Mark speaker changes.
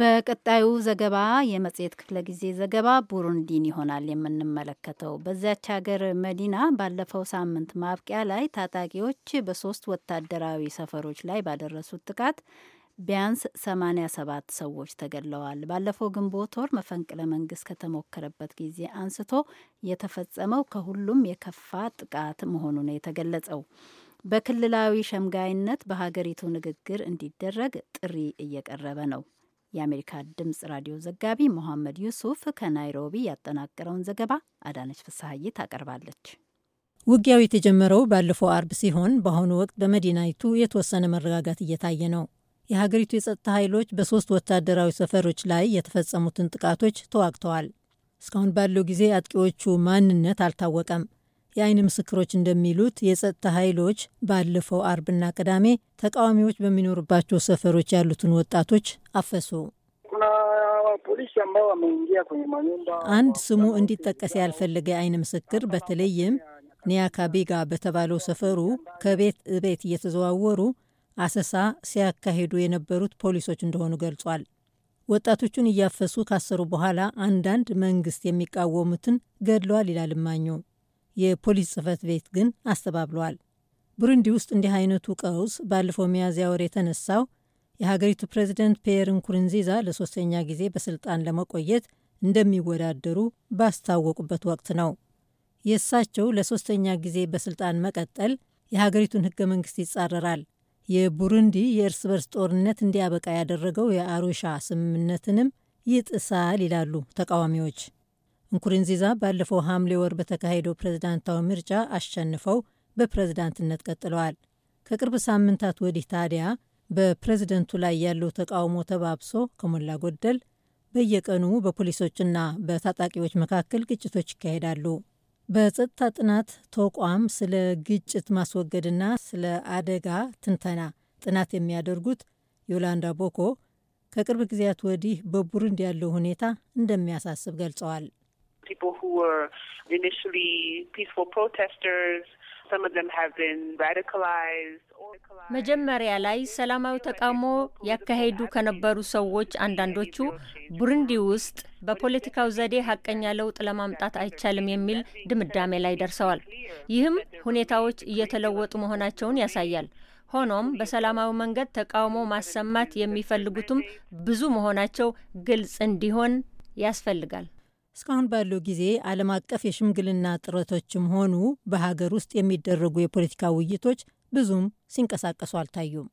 Speaker 1: በቀጣዩ ዘገባ የመጽሔት ክፍለ ጊዜ ዘገባ ቡሩንዲን ይሆናል የምንመለከተው። በዚያች ሀገር መዲና ባለፈው ሳምንት ማብቂያ ላይ ታጣቂዎች በሶስት ወታደራዊ ሰፈሮች ላይ ባደረሱት ጥቃት ቢያንስ 87 ሰዎች ተገድለዋል። ባለፈው ግንቦት ወር መፈንቅለ መንግስት ከተሞከረበት ጊዜ አንስቶ የተፈጸመው ከሁሉም የከፋ ጥቃት መሆኑ ነው የተገለጸው። በክልላዊ ሸምጋይነት በሀገሪቱ ንግግር እንዲደረግ ጥሪ እየቀረበ ነው። የአሜሪካ ድምፅ ራዲዮ ዘጋቢ መሐመድ ዩሱፍ ከናይሮቢ ያጠናቀረውን ዘገባ አዳነች ፍስሐዬ ታቀርባለች።
Speaker 2: ውጊያው የተጀመረው ባለፈው አርብ ሲሆን በአሁኑ ወቅት በመዲናይቱ የተወሰነ መረጋጋት እየታየ ነው። የሀገሪቱ የጸጥታ ኃይሎች በሶስት ወታደራዊ ሰፈሮች ላይ የተፈጸሙትን ጥቃቶች ተዋግተዋል። እስካሁን ባለው ጊዜ አጥቂዎቹ ማንነት አልታወቀም። የአይን ምስክሮች እንደሚሉት የጸጥታ ኃይሎች ባለፈው አርብና ቅዳሜ ተቃዋሚዎች በሚኖሩባቸው ሰፈሮች ያሉትን ወጣቶች አፈሱ። አንድ ስሙ እንዲጠቀስ ያልፈለገ የአይን ምስክር በተለይም ኒያካቢጋ በተባለው ሰፈሩ ከቤት እቤት እየተዘዋወሩ አሰሳ ሲያካሂዱ የነበሩት ፖሊሶች እንደሆኑ ገልጿል። ወጣቶቹን እያፈሱ ካሰሩ በኋላ አንዳንድ መንግስት የሚቃወሙትን ገድለዋል ይላል እማኙ። የፖሊስ ጽህፈት ቤት ግን አስተባብለዋል። ብሩንዲ ውስጥ እንዲህ አይነቱ ቀውስ ባለፈው ሚያዝያ ወር የተነሳው የሀገሪቱ ፕሬዚደንት ፒየር ንኩሩንዚዛ ለሶስተኛ ጊዜ በስልጣን ለመቆየት እንደሚወዳደሩ ባስታወቁበት ወቅት ነው። የእሳቸው ለሶስተኛ ጊዜ በስልጣን መቀጠል የሀገሪቱን ህገ መንግስት ይጻረራል። የቡሩንዲ የእርስ በርስ ጦርነት እንዲያበቃ ያደረገው የአሩሻ ስምምነትንም ይጥሳል ይላሉ ተቃዋሚዎች። እንኩሪንዚዛ ባለፈው ሐምሌ ወር በተካሄደው ፕሬዝዳንታዊ ምርጫ አሸንፈው በፕሬዝዳንትነት ቀጥለዋል። ከቅርብ ሳምንታት ወዲህ ታዲያ በፕሬዝደንቱ ላይ ያለው ተቃውሞ ተባብሶ ከሞላ ጎደል በየቀኑ በፖሊሶችና በታጣቂዎች መካከል ግጭቶች ይካሄዳሉ። በጸጥታ ጥናት ተቋም ስለ ግጭት ማስወገድና ስለ አደጋ ትንተና ጥናት የሚያደርጉት ዮላንዳ ቦኮ ከቅርብ ጊዜያት ወዲህ በቡሩንዲ ያለው ሁኔታ እንደሚያሳስብ ገልጸዋል።
Speaker 3: people who were initially peaceful protesters. Some of them have been radicalized. መጀመሪያ ላይ ሰላማዊ ተቃውሞ ያካሄዱ ከነበሩ ሰዎች አንዳንዶቹ ቡሩንዲ ውስጥ በፖለቲካው ዘዴ ሀቀኛ ለውጥ ለማምጣት አይቻልም የሚል ድምዳሜ ላይ ደርሰዋል። ይህም ሁኔታዎች እየተለወጡ መሆናቸውን ያሳያል። ሆኖም በሰላማዊ መንገድ ተቃውሞ ማሰማት የሚፈልጉትም ብዙ መሆናቸው ግልጽ እንዲሆን ያስፈልጋል።
Speaker 2: እስካሁን ባለው ጊዜ ዓለም አቀፍ የሽምግልና ጥረቶችም ሆኑ በሀገር ውስጥ የሚደረጉ የፖለቲካ ውይይቶች ብዙም ሲንቀሳቀሱ አልታዩም።